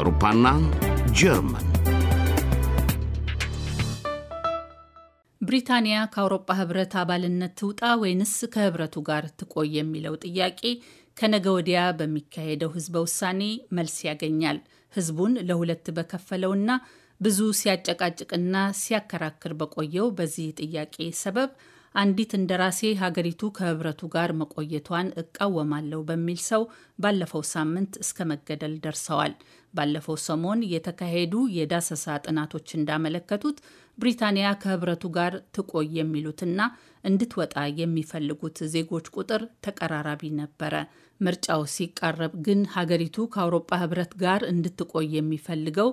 አውሮፓና ጀርመን ብሪታንያ ከአውሮፓ ህብረት አባልነት ትውጣ ወይንስ ከህብረቱ ጋር ትቆይ የሚለው ጥያቄ ከነገ ወዲያ በሚካሄደው ህዝበ ውሳኔ መልስ ያገኛል። ህዝቡን ለሁለት በከፈለውና ብዙ ሲያጨቃጭቅና ሲያከራክር በቆየው በዚህ ጥያቄ ሰበብ አንዲት እንደራሴ ሀገሪቱ ከህብረቱ ጋር መቆየቷን እቃወማለሁ በሚል ሰው ባለፈው ሳምንት እስከ መገደል ደርሰዋል። ባለፈው ሰሞን የተካሄዱ የዳሰሳ ጥናቶች እንዳመለከቱት ብሪታንያ ከህብረቱ ጋር ትቆይ የሚሉትና እንድትወጣ የሚፈልጉት ዜጎች ቁጥር ተቀራራቢ ነበረ። ምርጫው ሲቃረብ ግን ሀገሪቱ ከአውሮጳ ህብረት ጋር እንድትቆይ የሚፈልገው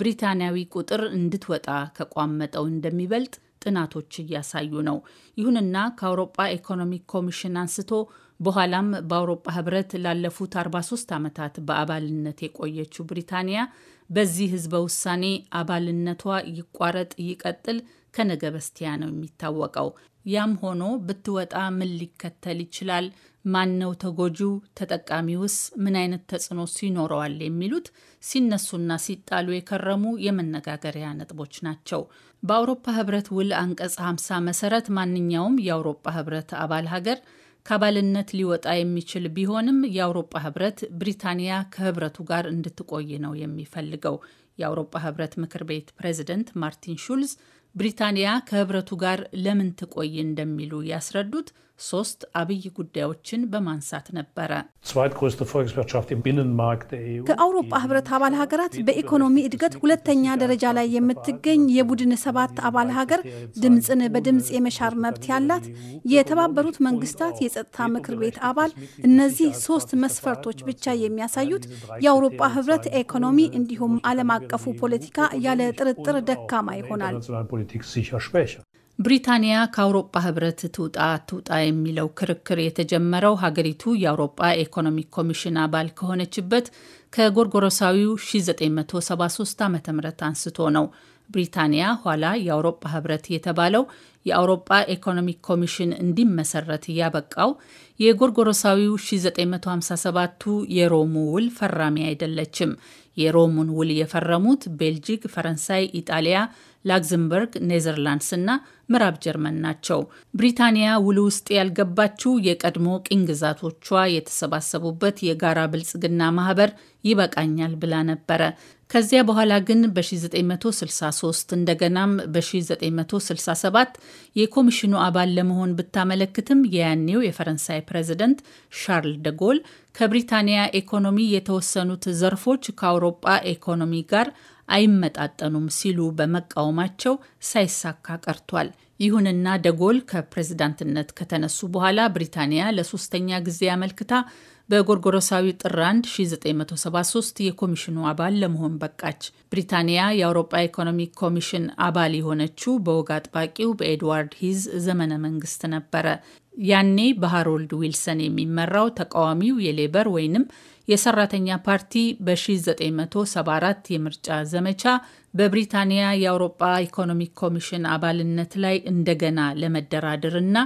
ብሪታንያዊ ቁጥር እንድትወጣ ከቋመጠው እንደሚበልጥ ጥናቶች እያሳዩ ነው። ይሁንና ከአውሮጳ ኢኮኖሚክ ኮሚሽን አንስቶ በኋላም በአውሮጳ ህብረት ላለፉት 43 ዓመታት በአባልነት የቆየችው ብሪታንያ በዚህ ህዝበ ውሳኔ አባልነቷ ይቋረጥ ይቀጥል ከነገ በስቲያ ነው የሚታወቀው። ያም ሆኖ ብትወጣ ምን ሊከተል ይችላል? ማን ነው ተጎጂው? ተጠቃሚውስ ምን አይነት ተጽዕኖ ሲኖረዋል? የሚሉት ሲነሱና ሲጣሉ የከረሙ የመነጋገሪያ ነጥቦች ናቸው። በአውሮፓ ህብረት ውል አንቀጽ 50 መሰረት ማንኛውም የአውሮፓ ህብረት አባል ሀገር ከአባልነት ሊወጣ የሚችል ቢሆንም የአውሮፓ ህብረት ብሪታንያ ከህብረቱ ጋር እንድትቆይ ነው የሚፈልገው። የአውሮፓ ህብረት ምክር ቤት ፕሬዚደንት ማርቲን ሹልዝ ብሪታንያ ከህብረቱ ጋር ለምን ትቆይ እንደሚሉ ያስረዱት ሶስት አብይ ጉዳዮችን በማንሳት ነበረ። e ከአውሮፓ ህብረት አባል ሀገራት በኢኮኖሚ እድገት ሁለተኛ ደረጃ ላይ የምትገኝ የቡድን ሰባት አባል ሀገር ድምፅን በድምፅ የመሻር መብት ያላት የተባበሩት መንግስታት የጸጥታ ምክር ቤት አባል። እነዚህ ሶስት መስፈርቶች ብቻ የሚያሳዩት የአውሮፓ ህብረት ኢኮኖሚ እንዲሁም ዓለም አቀፉ ፖለቲካ ያለ ጥርጥር ደካማ ይሆናል። ብሪታንያ ከአውሮፓ ህብረት ትውጣ ትውጣ የሚለው ክርክር የተጀመረው ሀገሪቱ የአውሮፓ ኢኮኖሚክ ኮሚሽን አባል ከሆነችበት ከጎርጎሮሳዊው 1973 ዓ ም አንስቶ ነው። ብሪታንያ ኋላ የአውሮፓ ህብረት የተባለው የአውሮፓ ኢኮኖሚክ ኮሚሽን እንዲመሰረት ያበቃው የጎርጎሮሳዊው 1957ቱ የሮሙ ውል ፈራሚ አይደለችም። የሮሙን ውል የፈረሙት ቤልጂክ፣ ፈረንሳይ፣ ኢጣሊያ ላክዘምበርግ፣ ኔዘርላንድስ እና ምዕራብ ጀርመን ናቸው። ብሪታንያ ውል ውስጥ ያልገባችው የቀድሞ ቅኝ ግዛቶቿ የተሰባሰቡበት የጋራ ብልጽግና ማህበር ይበቃኛል ብላ ነበረ። ከዚያ በኋላ ግን በ1963 እንደገናም በ1967 የኮሚሽኑ አባል ለመሆን ብታመለክትም የያኔው የፈረንሳይ ፕሬዚደንት ሻርል ደጎል ከብሪታንያ ኢኮኖሚ የተወሰኑት ዘርፎች ከአውሮጳ ኢኮኖሚ ጋር አይመጣጠኑም ሲሉ በመቃወማቸው ሳይሳካ ቀርቷል። ይሁንና ደጎል ከፕሬዝዳንትነት ከተነሱ በኋላ ብሪታንያ ለሶስተኛ ጊዜ አመልክታ በጎርጎሮሳዊ ጥር 1 1973 የኮሚሽኑ አባል ለመሆን በቃች። ብሪታንያ የአውሮፓ ኢኮኖሚክ ኮሚሽን አባል የሆነችው በወግ አጥባቂው በኤድዋርድ ሂዝ ዘመነ መንግስት ነበረ። ያኔ በሃሮልድ ዊልሰን የሚመራው ተቃዋሚው የሌበር ወይንም የሰራተኛ ፓርቲ በ1974 የምርጫ ዘመቻ በብሪታንያ የአውሮጳ ኢኮኖሚክ ኮሚሽን አባልነት ላይ እንደገና ለመደራደር እና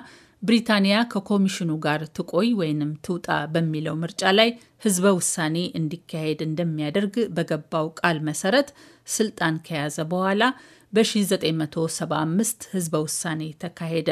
ብሪታንያ ከኮሚሽኑ ጋር ትቆይ ወይንም ትውጣ በሚለው ምርጫ ላይ ህዝበ ውሳኔ እንዲካሄድ እንደሚያደርግ በገባው ቃል መሰረት ስልጣን ከያዘ በኋላ በ1975 ህዝበ ውሳኔ ተካሄደ።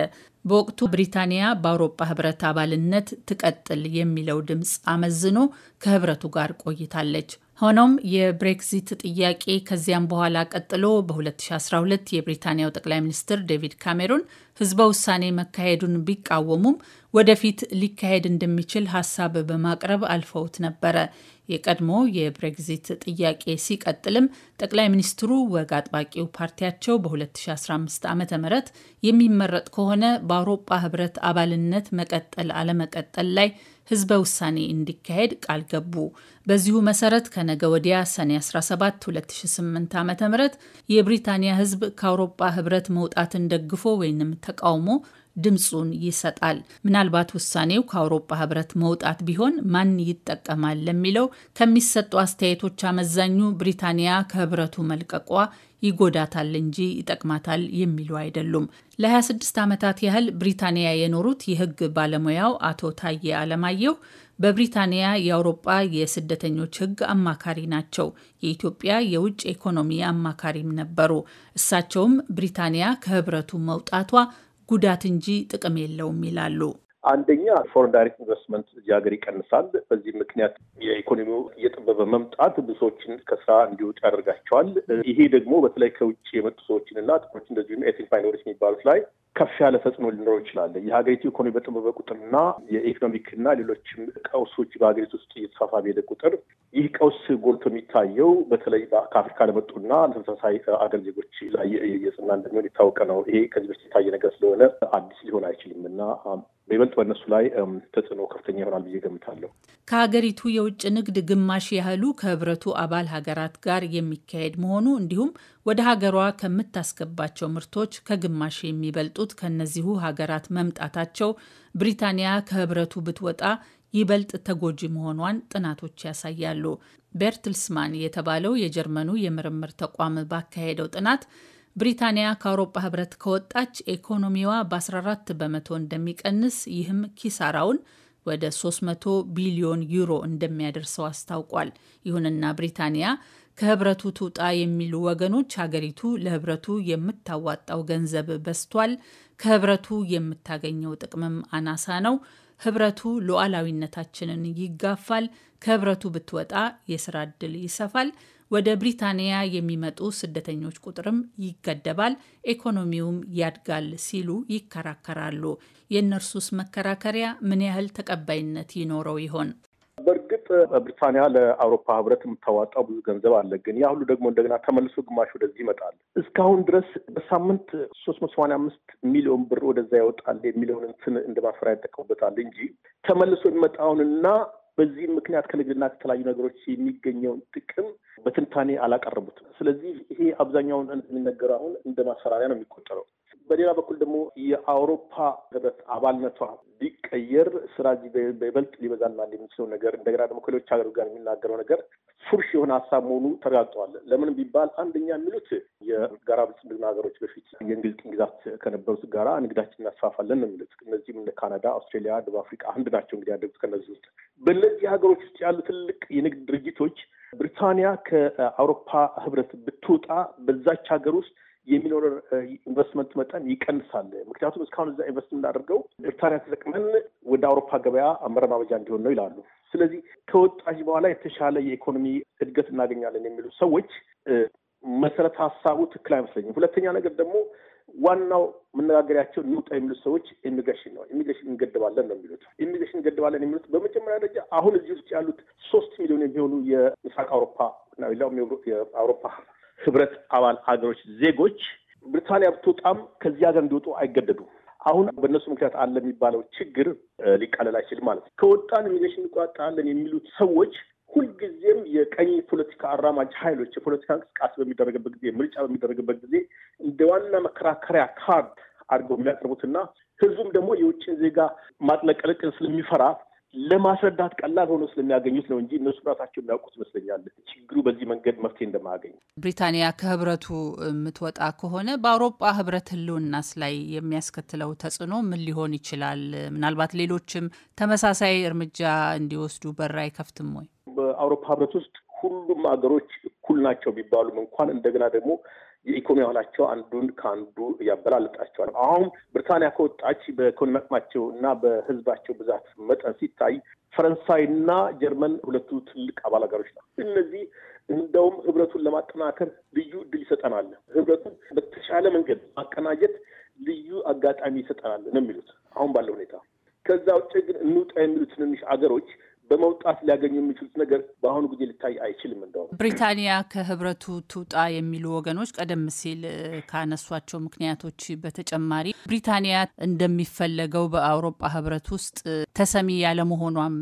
በወቅቱ ብሪታንያ በአውሮፓ ህብረት አባልነት ትቀጥል የሚለው ድምፅ አመዝኖ ከህብረቱ ጋር ቆይታለች። ሆኖም የብሬክዚት ጥያቄ ከዚያም በኋላ ቀጥሎ በ2012 የብሪታንያው ጠቅላይ ሚኒስትር ዴቪድ ካሜሩን ህዝበ ውሳኔ መካሄዱን ቢቃወሙም ወደፊት ሊካሄድ እንደሚችል ሀሳብ በማቅረብ አልፈውት ነበረ። የቀድሞ የብሬግዚት ጥያቄ ሲቀጥልም ጠቅላይ ሚኒስትሩ ወግ አጥባቂው ፓርቲያቸው በ2015 ዓ ም የሚመረጥ ከሆነ በአውሮፓ ህብረት አባልነት መቀጠል አለመቀጠል ላይ ህዝበ ውሳኔ እንዲካሄድ ቃል ገቡ። በዚሁ መሰረት ከነገ ወዲያ ሰኔ 17 2008 ዓ ም የብሪታንያ ህዝብ ከአውሮፓ ህብረት መውጣትን ደግፎ ወይንም ተቃውሞ ድምፁን ይሰጣል። ምናልባት ውሳኔው ከአውሮፓ ህብረት መውጣት ቢሆን ማን ይጠቀማል ለሚለው ከሚሰጡ አስተያየቶች አመዛኙ ብሪታንያ ከህብረቱ መልቀቋ ይጎዳታል እንጂ ይጠቅማታል የሚሉ አይደሉም። ለ26 ዓመታት ያህል ብሪታንያ የኖሩት የህግ ባለሙያው አቶ ታዬ አለማየሁ በብሪታንያ የአውሮጳ የስደተኞች ህግ አማካሪ ናቸው። የኢትዮጵያ የውጭ ኢኮኖሚ አማካሪም ነበሩ። እሳቸውም ብሪታንያ ከህብረቱ መውጣቷ ጉዳት እንጂ ጥቅም የለውም ይላሉ። አንደኛ ፎረን ዳይሬክት ኢንቨስትመንት እዚህ ሀገር ይቀንሳል። በዚህ ምክንያት የኢኮኖሚው እየጠበበ መምጣት ብዙዎችን ከስራ እንዲወጡ ያደርጋቸዋል። ይሄ ደግሞ በተለይ ከውጭ የመጡ ሰዎችን እና ጥቁሮች እንደዚሁም ኤትኒክ ማይኖሪቲ የሚባሉት ላይ ከፍ ያለ ተጽዕኖ ሊኖረው ይችላል። የሀገሪቱ ኢኮኖሚ በጣም በቁጥርና እና ሌሎችም ቀውሶች በሀገሪቱ ውስጥ እየተስፋፋ በሄደ ቁጥር ይህ ቀውስ ጎልቶ የሚታየው በተለይ ከአፍሪካ ለመጡና ለተመሳሳይ አገር ዜጎች ላይ የጽና እንደሚሆን የታወቀ ነው። ይሄ ከዚህ በፊት የታየ ነገር ስለሆነ አዲስ ሊሆን አይችልም እና በይበልጥ በእነሱ ላይ ተጽዕኖ ከፍተኛ ይሆናል ብዬ ገምታለሁ። ከሀገሪቱ የውጭ ንግድ ግማሽ ያህሉ ከህብረቱ አባል ሀገራት ጋር የሚካሄድ መሆኑ እንዲሁም ወደ ሀገሯ ከምታስገባቸው ምርቶች ከግማሽ የሚበልጡት ከነዚሁ ሀገራት መምጣታቸው ብሪታንያ ከህብረቱ ብትወጣ ይበልጥ ተጎጂ መሆኗን ጥናቶች ያሳያሉ። ቤርትልስማን የተባለው የጀርመኑ የምርምር ተቋም ባካሄደው ጥናት ብሪታንያ ከአውሮፓ ህብረት ከወጣች ኢኮኖሚዋ በ14 በመቶ እንደሚቀንስ ይህም ኪሳራውን ወደ 300 ቢሊዮን ዩሮ እንደሚያደርሰው አስታውቋል። ይሁንና ብሪታንያ ከህብረቱ ትውጣ የሚሉ ወገኖች ሀገሪቱ ለህብረቱ የምታዋጣው ገንዘብ በዝቷል፣ ከህብረቱ የምታገኘው ጥቅምም አናሳ ነው፣ ህብረቱ ሉዓላዊነታችንን ይጋፋል፣ ከህብረቱ ብትወጣ የስራ ዕድል ይሰፋል፣ ወደ ብሪታንያ የሚመጡ ስደተኞች ቁጥርም ይገደባል፣ ኢኮኖሚውም ያድጋል ሲሉ ይከራከራሉ። የእነርሱስ መከራከሪያ ምን ያህል ተቀባይነት ይኖረው ይሆን? ብሪታንያ ለአውሮፓ ህብረት የምታዋጣው ብዙ ገንዘብ አለ። ግን ያ ሁሉ ደግሞ እንደገና ተመልሶ ግማሽ ወደዚህ ይመጣል። እስካሁን ድረስ በሳምንት ሶስት መቶ ሰማንያ አምስት ሚሊዮን ብር ወደዛ ያወጣል የሚለውን እንትን እንደ ማፈራ ይጠቀሙበታል እንጂ ተመልሶ የሚመጣውንና በዚህም ምክንያት ከንግድና ከተለያዩ ነገሮች የሚገኘውን ጥቅም በትንታኔ አላቀረቡትም። ስለዚህ ይሄ አብዛኛውን እንደሚነገረው አሁን እንደ ማስፈራሪያ ነው የሚቆጠረው። በሌላ በኩል ደግሞ የአውሮፓ ህብረት አባልነቷ ቢቀየር ስራ በይበልጥ ሊበዛና የሚችለው ነገር እንደገና ደግሞ ከሌሎች ሀገሮች ጋር የሚናገረው ነገር ፉርሽ የሆነ ሀሳብ መሆኑ ተረጋግጠዋል። ለምን ቢባል አንደኛ የሚሉት የጋራ ብልጽግና ሀገሮች በፊት የእንግሊዝ ግዛት ከነበሩት ጋራ ንግዳችን እናስፋፋለን ነው የሚሉት። እነዚህም እነ ካናዳ፣ አውስትሬሊያ፣ ደቡብ አፍሪካ አንድ ናቸው እንግዲህ ያደጉት ከነዚህ ውስጥ። በእነዚህ ሀገሮች ውስጥ ያሉ ትልቅ የንግድ ድርጅቶች ብሪታንያ ከአውሮፓ ህብረት ብትወጣ በዛች ሀገር ውስጥ የሚኖረን ኢንቨስትመንት መጠን ይቀንሳል። ምክንያቱም እስካሁን እዛ ኢንቨስት የምናደርገው ብሪታንያ ተጠቅመን ወደ አውሮፓ ገበያ አመረማመጃ እንዲሆን ነው ይላሉ። ስለዚህ ከወጣች በኋላ የተሻለ የኢኮኖሚ እድገት እናገኛለን የሚሉ ሰዎች መሰረተ ሀሳቡ ትክክል አይመስለኝም። ሁለተኛ ነገር ደግሞ ዋናው መነጋገሪያቸው እንውጣ የሚሉት ሰዎች ኢሚግሬሽን ነው። ኢሚግሬሽን እንገድባለን ነው የሚሉት። ኢሚግሬሽን እንገድባለን የሚሉት በመጀመሪያ ደረጃ አሁን እዚህ ውስጥ ያሉት ሶስት ሚሊዮን የሚሆኑ የምስራቅ አውሮፓ እና ሌላውም የአውሮፓ ህብረት አባል ሀገሮች ዜጎች ብሪታንያ ብትወጣም ከዚህ ሀገር እንዲወጡ አይገደዱም። አሁን በእነሱ ምክንያት አለ የሚባለው ችግር ሊቃለል አይችል ማለት ነው። ከወጣን ኢሚግሬሽን እንቋጣለን የሚሉት ሰዎች ሁልጊዜም የቀኝ ፖለቲካ አራማጅ ኃይሎች የፖለቲካ እንቅስቃሴ በሚደረግበት ጊዜ፣ ምርጫ በሚደረግበት ጊዜ እንደ ዋና መከራከሪያ ካርድ አድርገው የሚያቀርቡትና ህዝቡም ደግሞ የውጭን ዜጋ ማጥለቀለቅን ስለሚፈራ ለማስረዳት ቀላል ሆኖ ስለሚያገኙት ነው እንጂ እነሱ ራሳቸው የሚያውቁት ይመስለኛል። በዚህ መንገድ መፍትሄ እንደማያገኝ ብሪታንያ ከህብረቱ የምትወጣ ከሆነ በአውሮፓ ህብረት ህልውናስ ላይ የሚያስከትለው ተጽዕኖ ምን ሊሆን ይችላል? ምናልባት ሌሎችም ተመሳሳይ እርምጃ እንዲወስዱ በር አይከፍትም ወይ? በአውሮፓ ህብረት ውስጥ ሁሉም አገሮች እኩል ናቸው ቢባሉም እንኳን እንደገና ደግሞ የኢኮኖሚ ያህላቸው አንዱን ከአንዱ ያበላልጣቸዋል። አሁን ብሪታንያ ከወጣች በኢኮኖሚ አቅማቸው እና በህዝባቸው ብዛት መጠን ሲታይ ፈረንሳይና ጀርመን ሁለቱ ትልቅ አባል ሀገሮች ናቸው። እነዚህ እንደውም ህብረቱን ለማጠናከር ልዩ እድል ይሰጠናል። ህብረቱን በተሻለ መንገድ ማቀናጀት ልዩ አጋጣሚ ይሰጠናል ነው የሚሉት አሁን ባለው ሁኔታ። ከዛ ውጭ ግን እንውጣ የሚሉ ትንንሽ አገሮች በመውጣት ሊያገኙ የሚችሉት ነገር በአሁኑ ጊዜ ሊታይ አይችልም። እንደውም ብሪታንያ ከህብረቱ ትውጣ የሚሉ ወገኖች ቀደም ሲል ካነሷቸው ምክንያቶች በተጨማሪ ብሪታንያ እንደሚፈለገው በአውሮፓ ህብረት ውስጥ ተሰሚ ያለመሆኗም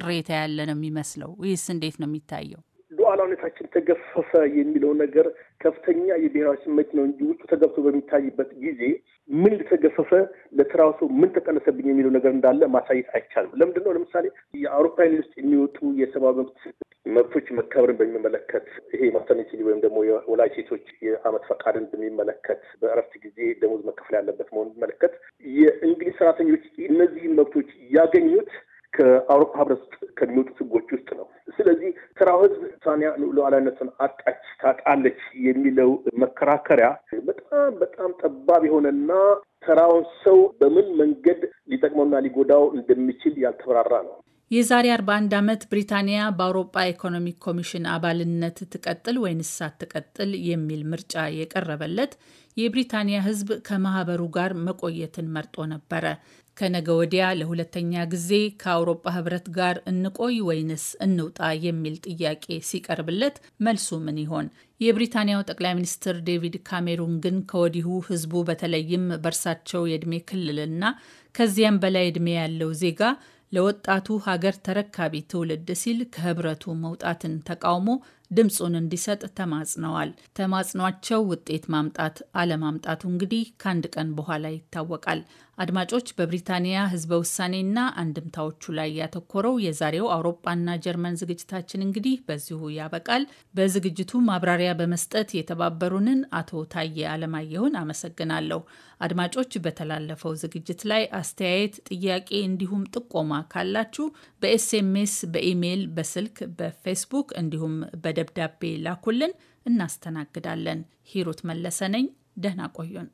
ቅሬታ ያለ ነው የሚመስለው። ይህስ እንዴት ነው የሚታየው? ሉዓላዊነታችን ተገፈፈ የሚለው ነገር ከፍተኛ የብሔራዊ ስሜት ነው እንጂ ውጭ ተገብቶ በሚታይበት ጊዜ ምን ተገፈፈ ለትራሱ ምን ተቀነሰብኝ የሚለው ነገር እንዳለ ማሳየት አይቻልም። ለምንድን ነው ለምሳሌ የአውሮፓን ውስጥ የሚወጡ የሰብአዊ መብት መብቶች መከበርን በሚመለከት ይሄ ማተርኒቲ ወይም ደግሞ የወላጅ ሴቶች የአመት ፈቃድን በሚመለከት በእረፍት ጊዜ ደሞዝ መከፈል ያለበት መሆኑን ሚመለከት የእንግሊዝ ሰራተኞች እነዚህን መብቶች ያገኙት ከአውሮፓ ህብረት ውስጥ ከሚወጡት ህጎች ውስጥ ነው። ስለዚህ ስራው ህዝብ ሳኒያ ሉዓላዊነትን አጣች ታጣለች የሚለው መከራከሪያ በጣም በጣም ጠባብ የሆነና ተራውን ሰው በምን መንገድ ሊጠቅመውና ሊጎዳው እንደሚችል ያልተብራራ ነው። የዛሬ 41 ዓመት ብሪታንያ በአውሮፓ ኢኮኖሚክ ኮሚሽን አባልነት ትቀጥል ወይንስ ሳትቀጥል የሚል ምርጫ የቀረበለት የብሪታንያ ሕዝብ ከማህበሩ ጋር መቆየትን መርጦ ነበረ። ከነገ ወዲያ ለሁለተኛ ጊዜ ከአውሮፓ ህብረት ጋር እንቆይ ወይንስ እንውጣ የሚል ጥያቄ ሲቀርብለት መልሱ ምን ይሆን? የብሪታንያው ጠቅላይ ሚኒስትር ዴቪድ ካሜሩን ግን ከወዲሁ ህዝቡ በተለይም በእርሳቸው የዕድሜ ክልልና ከዚያም በላይ ዕድሜ ያለው ዜጋ ለወጣቱ ሀገር ተረካቢ ትውልድ ሲል ከህብረቱ መውጣትን ተቃውሞ ድምፁን እንዲሰጥ ተማጽነዋል። ተማጽኗቸው ውጤት ማምጣት አለማምጣቱ እንግዲህ ከአንድ ቀን በኋላ ይታወቃል። አድማጮች፣ በብሪታንያ ህዝበ ውሳኔና አንድምታዎቹ ላይ ያተኮረው የዛሬው አውሮፓና ጀርመን ዝግጅታችን እንግዲህ በዚሁ ያበቃል። በዝግጅቱ ማብራሪያ በመስጠት የተባበሩንን አቶ ታዬ አለማየሁን አመሰግናለሁ። አድማጮች፣ በተላለፈው ዝግጅት ላይ አስተያየት፣ ጥያቄ እንዲሁም ጥቆማ ካላችሁ በኤስኤምኤስ፣ በኢሜይል፣ በስልክ፣ በፌስቡክ እንዲሁም በ በደብዳቤ ላኩልን። እናስተናግዳለን። ሂሩት መለሰ ነኝ። ደህና ቆዩን።